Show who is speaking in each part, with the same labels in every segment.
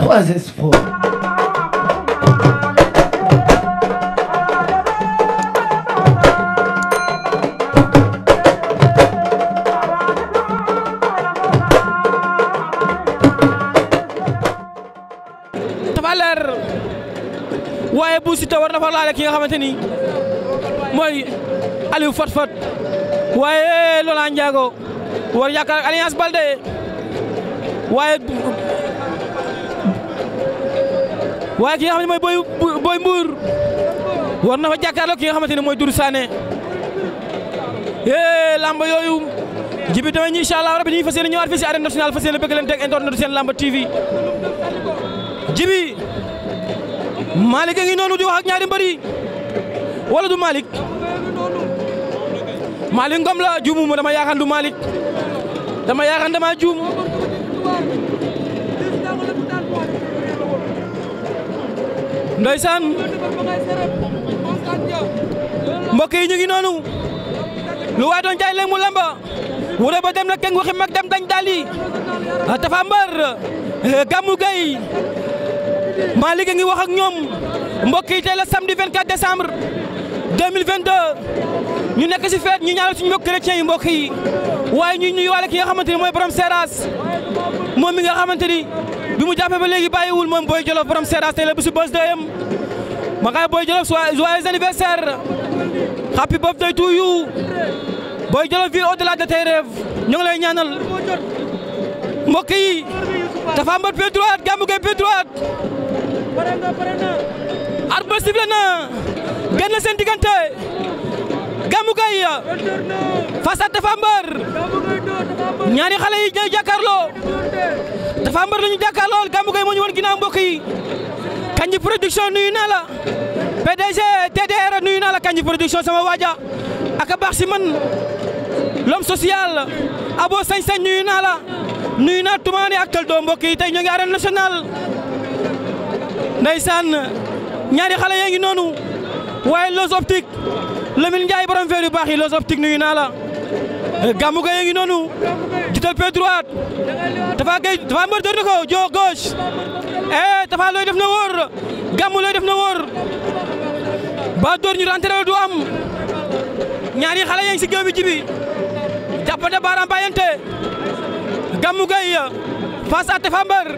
Speaker 1: trois espoirs. waaye Bou Siteu war na fa ki nga xamante ni mooy Aliou Fat Fat waaye Laurent Ndiago war yaakaar alliance Baldé waaye waaye ki nga xam ne mooy boy boy war na fa jàkkaarloo ki nga xamante ne mooy Doudou Sané yee lamba yooyu jibi tamit ñi incha allah rabi ñu ngi fas yéene ñëwaat fii si arène nationale fas yéene bëgg leen teg seen lamba TV jibi Malick ngi noonu di wax ñaari mbër yi wala du Malick Malick Ngom la juumu ma dama yaakaar du Malick dama yaakaar dama juum. ndeysaan mbokk yi ñu ngi noonu lu waay doon jaay léegi mu lamba wure ba dem na keng waxi mag dem dañ daal yi Tapha Mbeur Gamou Gueye Malick ngi wax ak ñoom mbokk yi tey la samedi 24 décembre 2022 ñu nekk ci fête ñu ñaanal suñu mbokk chrétien yi mbokk yi waaye ñu ñuy waale ki nga mooy borom Seras moom mi nga xamante ni bi mu jàppee ba léegi bàyyiwul moom Boy Jolof borom Seras tey la bisu bës dayam ma ngay Boy Jolof joyeux anniversaire happy birthday to you Boy Jolof vie au-delà de tes rêves ñu lay ñaanal mbokk yi dafa mbat pied droit Gamou Gueye pied droit arbitre sifflé na génn na seen diggante ñaari xale yi ñooy jàkkaarloo dafa mbër la ñu jàkkaar lool Gamou Gueye moo ñu woon ginnaaw mbokk yi Kandji production nuyu naa la PDG TDR nuyu naa la Kandji production sama waaja ak a baax si man l'homme social abo sañ-sañ nuyu naa la nuyu naa tumaani ak tël doo mbokk yi tey ñoo ngi arène nationale ndeysaan ñaari xale yaa ngi noonu waaye Loos Optique Lamine Ndiaye borom feer yi Loos Optique nuyu naa la Gamou Gueye noonu jiital pied droit Tapha Gueye Tapha Mbeur door na ko joo gauche eh Tapha looy def na wóor Gamou looy def na wóor ba door ñu rentré du am ñaari xale yaa ngi si géew bi jibi jàppante baaraam bàyyante Gamou Gueye face à Tapha Mbeur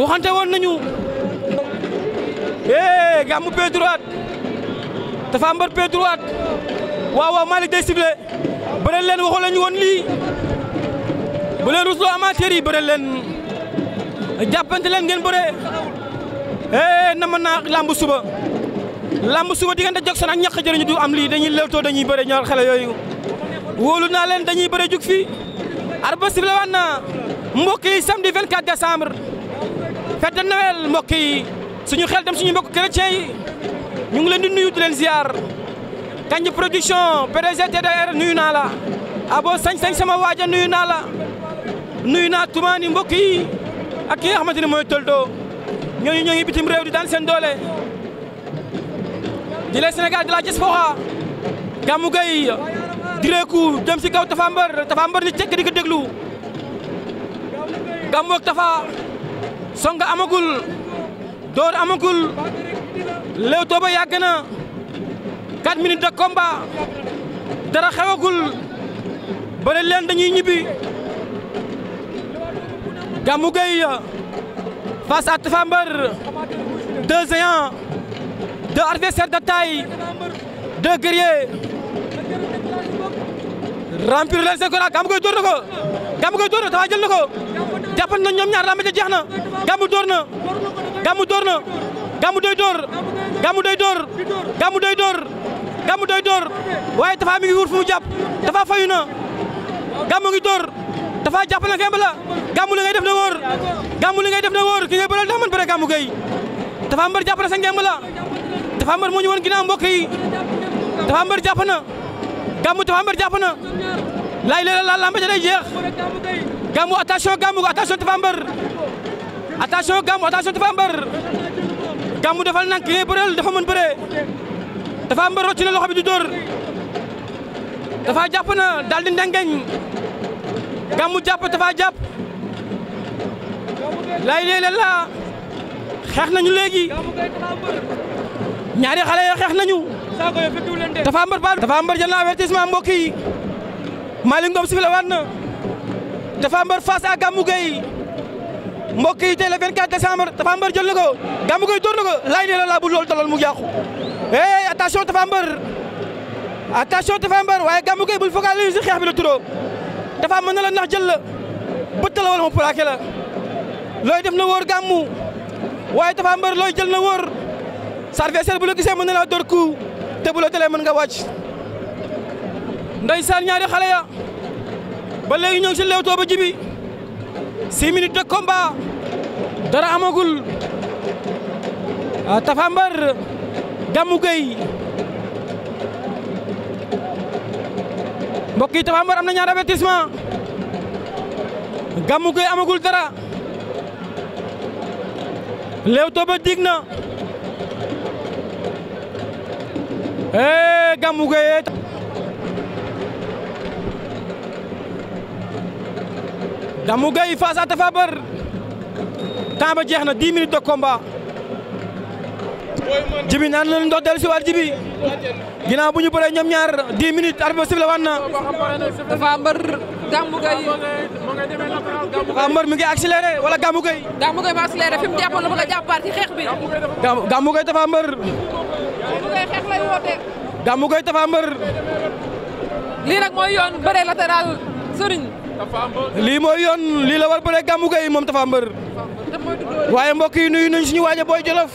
Speaker 1: waxante woon nañu eh Gamou pied droit Tapha Mbeur pied droit waaw waaw Malick day bëreel leen waxu lañu woon lii bu leen rusloo amateur yi bëreel leen jàppante leen ngeen bëree eh nama naa làmb suba làmb suba diggante Jackson ak ñàkk jëriñu du am lii dañuy lewtoo dañuy bëre ñaar xale yooyu wóolu naa leen dañuy bëre jug fii arba sib la waan na mbokk yi samedi 24 décembre fête de Noël mbokk yi suñu xel dem suñu mbokk chrétien yi ñu ngi leen di nuyu di leen ziar Kandji production PDG TDR nuyu naa la Abo sañ-sañ sama waaja nuyu naa la nuyu naa tumaani mbokk yi ak ki nga xamante ne mooy Toldo ñoo ngi bitim réew di daan seen doole di la Sénégal di la diaspora Gamou Gueye direeku jëm si kaw Tafa Mbër Tafa Mbër ni cekk di ko déglu Gamou ak Tafa door amagul léew tooba yàgg na 4 minutes de combat dara xewagul ba ne leen dañuy ñibbi Gamou Gueye face à Tapha Mbeur deux géants deux adversaires de taille deux guerriers leen seen koraa Gamou door na ko Gamou Gueye door na Tapha jël na ko jàppal na ñoom ñaar làmb jeex na Gamou door na Gamou doy door Gamou doy door Gamou doy door Gamou doy dóor waaye Tapha mi ngi wut mu jàpp Tapha fayu na Gamou ngi dóor Tapha jàpp na kemb la Gamou li ngay def na wóor Gamou li ngay def na wóor ki ngay bëral daa mën bëre Gamou Gueye Tapha Mbeur jàpp na sa ngemb la Tapha Mbeur moo ñu woon ginnaaw mbokk yi jàpp na Gamou jàpp na laay la lamba ja day jeex Gamou attention Gamou attention Tapha Mbeur attention Gamou attention Tapha Mbeur Gamou defal nank ki ngay dafa mën dafa am ba loxo bi di dóor dafa jàpp na daal di ndengeñ gàmmu jàpp dafa jàpp lay léeg-léeg la xeex nañu léegi ñaari xale yo xeex nañu dafa mbër ba dafa mbër jël na avertissement mbokk yi Malick Ngom siflé waat na dafa mbër face à Gamou Gueye mbokk yi tey le 24 décembre dafa mbër jël na ko Gamou Gueye dóor na ko laay ne la laa bu loolu dalal mu yàqu hey attention Tapha Mbeur attention Tapha Mbeur waaye Gamou Gueye bul focaliser si xeex bi la turoo dafa mën na la ndax jël la mu plaqué la looy def na wóor Gamou waaye Tapha Mbeur looy jël na wóor sa adversaire bu la mën na laa door coup te bu mën nga wàcc ndeysaan ñaari xale ya ba léegi ñoo si Leewtoo ba jibi six minutes de combat dara amagul ah, Tapha Mbeur Gamou Gueye mbokk yi Tapha Mbeur am na ñaari avertissement Gamou Gueye amagul dara Leewtoo ba dig na eh Gamou Gueye Gamou Gueye face à Tapha Mbeur ba jeex na 10 minutes de combat. jibi ñaan leen ndox dellu si waat jibi ginnaaw bu ñu bëree ñoom ñaar 10 minutes arbitre sifflé waat na dafa mbër gàmmu gay dafa mbër mi ngi accéléré wala gàmmu gay
Speaker 2: gàmmu gay ma accéléré fi mu la bëgg a jàppaat bi
Speaker 1: gàmmu gay mbër
Speaker 2: lii nag mooy yoon bëree latéral sëriñ lii mooy yoon lii la
Speaker 1: war bëree gàmmu moom dafa mbër waaye mbokk yi nuyu nañ suñu waaja booy Jolof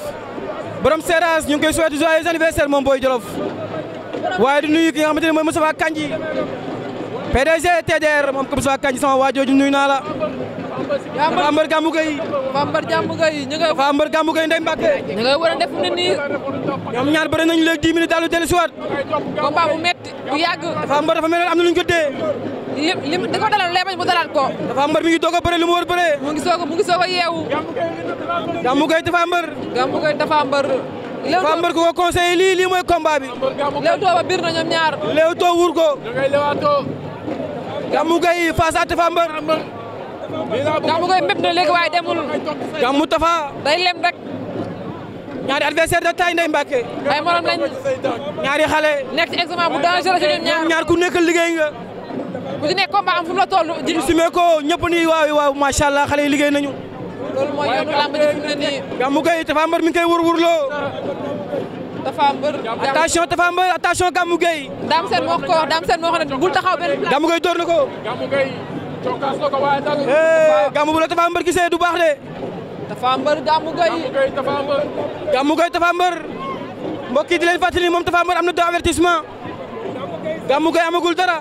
Speaker 1: borom Seras ñu ngi koy souhaité joyeux anniversaire moom Boy Jolof waaye di nuyu ki nga xamante ne mooy Moustapha Kandji PDG TDR moom ko Moustapha Kandji sama waa jooju nuyu naa la dafa am bër gàmmu gay dafa am bër gàmmu gay ñu ngay a def ñaar bëri nañu léegi 10 minutes daal lu dellu siwaat combat bu metti bu yàgg am bër dafa mel ne am na lu ñu ko dee
Speaker 2: li li da ko mu dalaat ko
Speaker 1: dafa mi ngi doog a bëre lu mu mu ngi soog a
Speaker 2: mu ngi soog a yeewu
Speaker 1: gàmmu gay dafa ko ba biir na ñaar Leewtoo wuur ko gàmmu gay face à dafa gàmmu koy mépp na léegi waaye demul. gàmmu Tapha. day lem rek. ñaari adversaire de taille Ndeye Mbacke. ay morom lañ ñaari xale. nekk ci examen bu dangereux ci ñoom ñaar ñaar ku nekk liggéey nga. ku ci
Speaker 2: nekk combat am fu la toll. di sumee
Speaker 1: ko ñëpp nii waaw waaw xale yi liggéey nañu.
Speaker 2: loolu mooy yoonu làmb
Speaker 1: ji mi ngi koy wër-wërloo.
Speaker 2: Tapha Mbeur attention
Speaker 1: Tapha Mbeur attention Gamou Gueye. Dame moo ko wax Dame moo ko ne bul taxaw benn. Gamou Gueye ko. Eh, gàmmu bu la Tapha Mbeur gisee du baax de. Tapha Mbeur gàmmu gay gàmmu gay Tapha Mbeur mbokk fàttali moom Tapha Mbeur am na deux avertissement gàmmu gay amagul dara.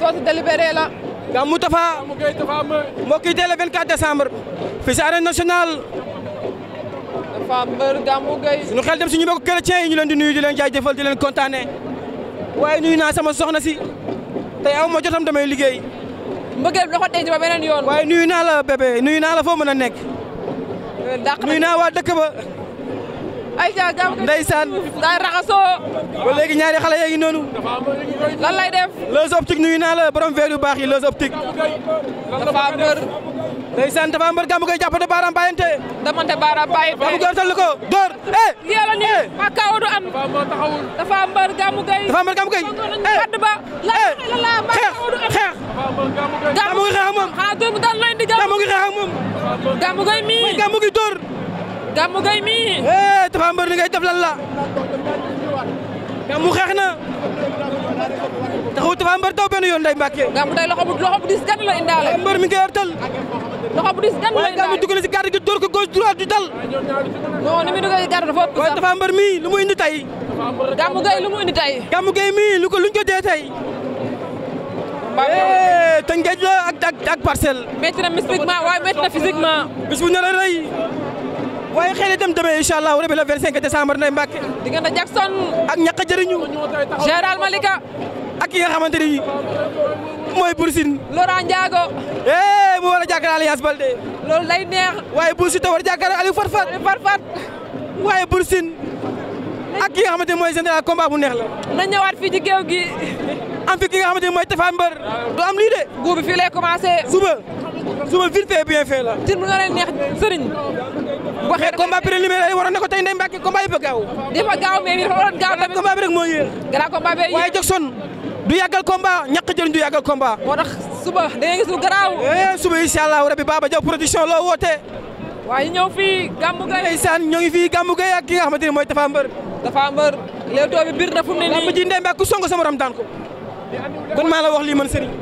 Speaker 1: soo si délibéré la. gàmmu Tapha mbokk yi tey le 24 décembre. si arène nationale. Tapha Mbeur gàmmu gay. suñu xel yi ñu leen di nuyu di leen jaajëfal di leen kontaanee waaye naa sama soxna si tey aw ma damay liggéey. mbëggeel bi dafa denc ba beneen yoon. waaye nuyu naa la bébé nuyu naa la foo mën a nekk. dàq nuyu naa waa dëkk ba.
Speaker 2: ayca jàmm raxasoo.
Speaker 1: ba léegi ñaari xale yaa noonu. lan def. les optique nuyu naa la borom verre yu baax yi dafa mbër. ndeysaan dafa mbër gàmm koy jàppante baaraam damante baaraam bàyyante. gàmm koy sol ko dóor eh! eh Pakao du am. dafa am
Speaker 2: taxawul. dafa am mbër Gamou Gueye. dafa am mbër Gamou Gueye. xeex xeex.
Speaker 1: Gamou Gueye xeex ak moom. ngay def lan la. xeex na. taxaw Tapha Mbeur daw benn yoon day Mbacke. nga xam tey loxo bu loxo bu dis gan la mi ngi loxo bu dis gan la indaale waaye Gambie dugg dafa ëpp sax lu mu indi tey. Gamou Gueye lu mu indi tey. Gamou Gueye mii lu ko luñ ko dee tey. tëngeej la ak ak ak parcelle. métti na waaye métti na physiquement. bis bu nar waaye xëy na itam demee incha allah rabi le 25 décembre nday Mbacke. diggante Jackson. ak ñàkk a jëriñu. général ak ki nga xamante ni mooy Bour Sine. Laurent Ndiago. eh mu war a jàkkaarloo Alliance Baldé. loolu lay neex. waaye Bour Sine te war a jàkkaarloo Aliou Fat Fat. Aliou Fat Fat. waaye ak ki nga xamante ni mooy général combat mu neex la. na ñëwaat fii ci géew gi. am fi ki nga xamante ni mooy Tafa Mbër. du am lii de. guubi fii lay commencé. suba suba vite fait bien fait la. tin mu nga leen neex sëriñ. waxee mais waroon na ko tey Ndeye Mbacke combat yi ba gaaw. dafa gaaw gaaw tamit. combat bi rek du yàggal combat ñàkk jëriñ du yàggal combat. moo tax suba da ngay gis lu garaaw. Eh, suba incha allah rabi Baba Diaw production loo wootee.
Speaker 2: waaye ñëw fii Gamou Gueye. ndeysaan
Speaker 1: ñoo fii Gamou Gueye ki nga xamante ne mooy Tapha Mbeur. Tapha Mbeur Leewtoo bi biir na fu mu ne nii. lamb ji ndembe ku song sama ram daan maa la wax lii man Serigne.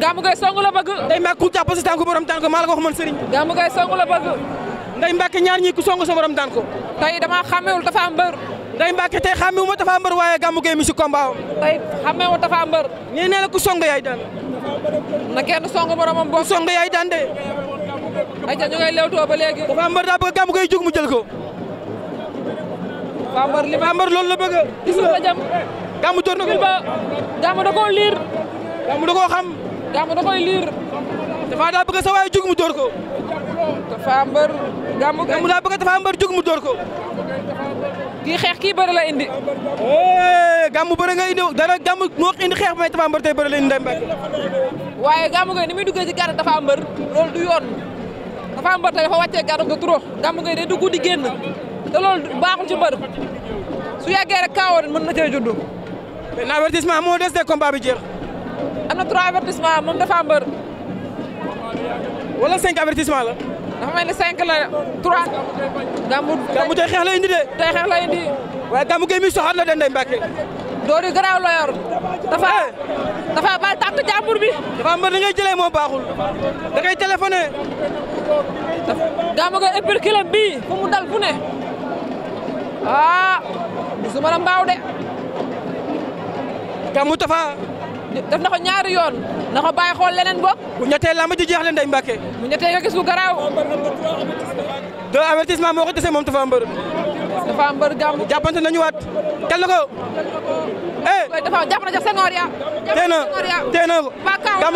Speaker 1: Gamou Gueye song la bëgg. ndey mbàkk ku jàpp sa tànk borom daan ko maa la ko wax man Serigne. Gamou Gueye song la bëgg. ndey mbàkk day Mbacke tey xàmme wu ma Tapha waaye Gamou Gueye mi si combat tey xàmme wu Tapha Mbeur ñii nee na ku song yaay na kenn song moromam boo song yaay de ayca ñu ngay lewtoo ba léegi Tapha Mbeur daa bëgg Gamou Gueye jël ko Tapha Mbeur li Tapha Mbeur la bëgg gis nga jam Gamou door na ko ba Gamou da koo liir Gamou da liir dafa daa sa waay jug mu ko Tapha Mbeur. Gamou Gueye Gamou daa bëgg Tapha Mbeur jóg mu dóor ko. kii xeex kii bëri la indi. Gamou bëri nga indi dara Gamou moo indi xeex bi may Tapha Mbeur tey bëri la indi Ndeye Mbacke.
Speaker 2: waaye Gamou Gueye ni muy duggee ci garab Tapha Mbeur loolu du yoon Tapha Mbeur tey dafa wàccee garab ga trop Gamou Gueye day dugg di génn te loolu baaxul ci mbër su yàggee rek
Speaker 1: mën na cee judd. mais avertissement moo des de combat bi jeex. am na trois avertissement moom Tapha Mbeur. wala dafa mel ni 5 la 3. gàmmu gàmmu tey xeex indi de. tey xeex indi. waaye gàmmu gi mi na la de Ndeye Mbacke. garaaw la yor. dafa eh. dafa baal tàkk bi. dafa mbër da ngay jëlee moo baaxul. da ngay téléphoné. gi épirkilam bii fu mu dal fu ne. ah gisuma la de.
Speaker 2: gàmmu Tafa. def na ko ñaari yoon. na ko
Speaker 1: bàyyi xool leneen boog. bu ñettee làmb ji jeex leen day Mbàkke. bu ñettee nga gis lu garaaw. deux moo ko dese moom dafa am mbër. dafa am nañu waat. tel na ko. Eh. eh dafa jàpp na ca Senghor ya. jàpp na ca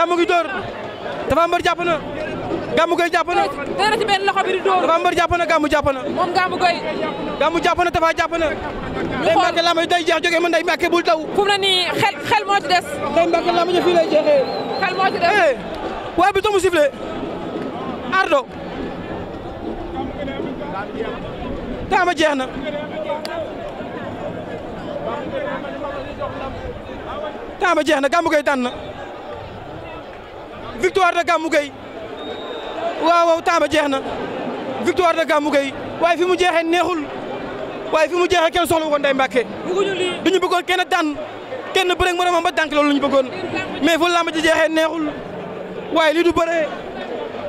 Speaker 1: Senghor jàpp na. gàmmu goy jàpp na. dara ci benn loxo mbër jàpp na gàmmu jàpp na. moom gàmmu goy. gàmmu jàpp na dafa jàpp na. ñu xool day mbàkke lamb jeex jógee mën day mbàkke bul taw. fu mu ne nii xel xel moo des. day mbàkke lamb ji fii lay eh, bi tomu sifflé ardo taama jeex na. taama jeex na gàmmu goy tànn victoire waaw waaw temps ba jeex na victoire de Gamou Gueye waaye fi mu jeexee neexul waaye fi mu jeexee kenn soxla woon day Mbàkke duñu bëggoon kenn daan kenn bëre moroomam ba dànk loolu la ñu bëggoon mais fu làmb ji jeexee neexul waaye lii du bëree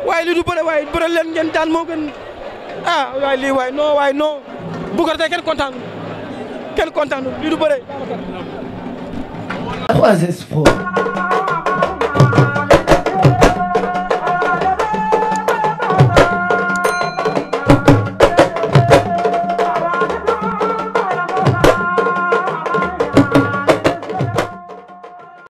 Speaker 1: waaye lii du waaye bëre leen ngeen daan moo gën ah waaye lii waaye non waaye non bu kenn kontaan kenn kontaan lii du